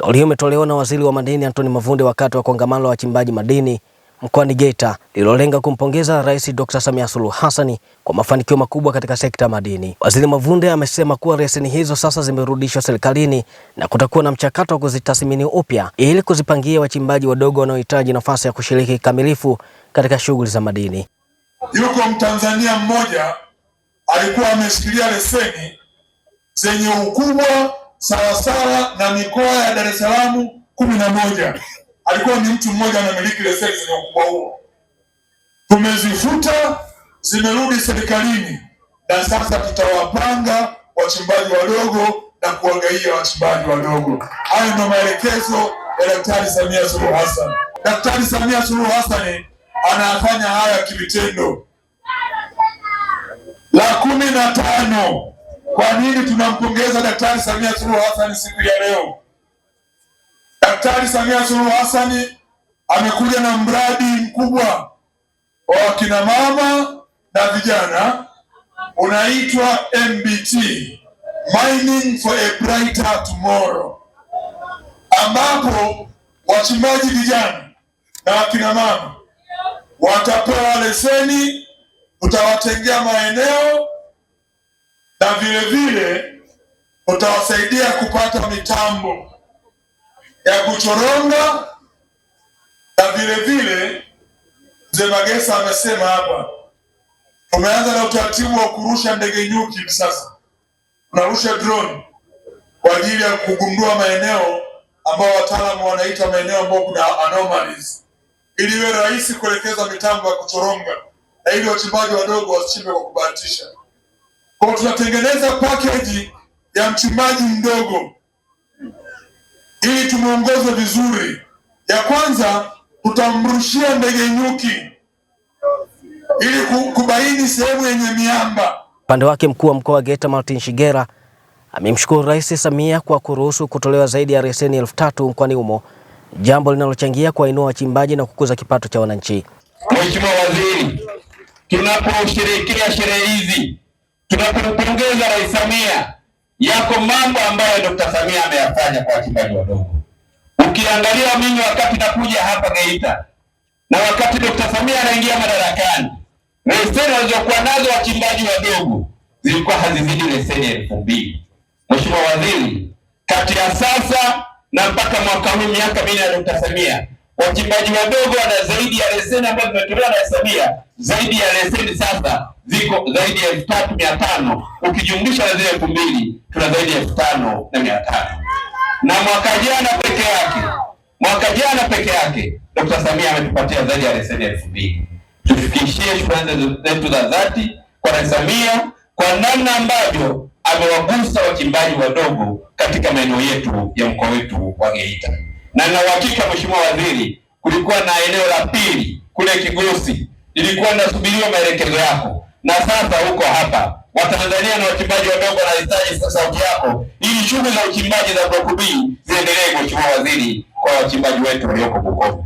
Kauli hiyo imetolewa na waziri wa madini Anthony Mavunde wakati wa kongamano la wachimbaji madini mkoani Geita lililolenga kumpongeza Rais Dr. Samia Suluhu Hassan kwa mafanikio makubwa katika sekta ya madini. Waziri Mavunde amesema kuwa leseni hizo sasa zimerudishwa serikalini na kutakuwa na mchakato wa kuzitathmini upya ili kuzipangia wachimbaji wadogo wanaohitaji nafasi ya kushiriki kikamilifu katika shughuli za madini. Yuko Mtanzania mmoja alikuwa ameshikilia leseni zenye ukubwa sawasawa na mikoa ya Dar es Salaam kumi na moja. Alikuwa ni mtu mmoja anamiliki leseni zenye ukubwa huo, tumezifuta zimerudi serikalini, na sasa tutawapanga wachimbaji wadogo na kuangaia wachimbaji wadogo. Hayo ndio maelekezo ya Daktari Samia Suluhu Hassan. Daktari Samia Suluhu Hassan anafanya haya kivitendo. La kumi na tano kwa nini tunampongeza Daktari Samia Suluhu Hassan siku ya leo? Daktari Samia Suluhu Hassan amekuja na mradi mkubwa wa wakina mama na vijana unaitwa MBT, Mining for a Brighter Tomorrow, ambapo wachimbaji vijana na wakina mama watapewa leseni, utawatengea maeneo na vile vile utawasaidia kupata mitambo ya kuchoronga na vile vile, mzee Magesa amesema hapa, tumeanza na utaratibu wa kurusha ndege nyuki. Sasa unarusha drone kwa ajili ya kugundua maeneo ambayo wataalamu wanaita maeneo ambayo kuna anomalies, ili iwe rahisi kuelekeza mitambo ya kuchoronga na ili wachimbaji wadogo wasichimbe kwa kubahatisha. Kwa tutatengeneza package ya mchimbaji mdogo ili tumuongoze vizuri. Ya kwanza tutamrushia ndege nyuki ili kubaini sehemu yenye miamba. Upande wake mkuu wa mkoa wa Geita Martin Shigera amemshukuru Rais Samia kwa kuruhusu kutolewa zaidi ya leseni elfu tatu mkoani humo, jambo linalochangia kuwainua wachimbaji na kukuza kipato cha wananchi. Mheshimiwa Waziri, tunaposherehekea sherehe hizi tunapompongeza Rais Samia. Yako mambo ambayo Dr. Samia ameyafanya kwa wachimbaji wadogo. Ukiangalia mimi wakati nakuja hapa Geita na wakati Dr. Samia anaingia madarakani, leseni walizokuwa nazo wachimbaji wadogo zilikuwa hazizidi leseni elfu mbili. Mheshimiwa Waziri, kati ya sasa na mpaka mwaka huu miaka minne ya Dr. Samia Wachimbaji wadogo wana zaidi ya leseni ambazo zimetolewa na hesabia, zaidi ya leseni sasa ziko zaidi ya elfu tatu mia tano ukijumlisha na zile elfu mbili tuna zaidi ya elfu tano na mia tano na mwaka jana peke yake, mwaka jana peke yake Dkt. Samia ametupatia zaidi ya leseni elfu mbili. Tufikishie shukrani zetu za dhati kwa Rais Samia kwa namna ambavyo amewagusa wachimbaji wadogo katika maeneo yetu ya mkoa wetu wa Geita na na uhakika, Mheshimiwa Waziri, kulikuwa na eneo la pili kule Kigosi lilikuwa linasubiriwa maelekezo yako, na sasa huko hapa. Watanzania na wachimbaji wadogo wanahitaji sauti yako ili shughuli za uchimbaji za Block B ziendelee, Mheshimiwa Waziri, kwa wachimbaji wetu walioko Bukoba.